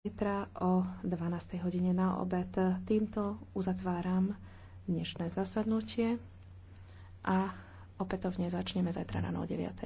zajtra o 12. hodine na obed. Týmto uzatváram dnešné zasadnutie a opätovne začneme zajtra ráno o 9.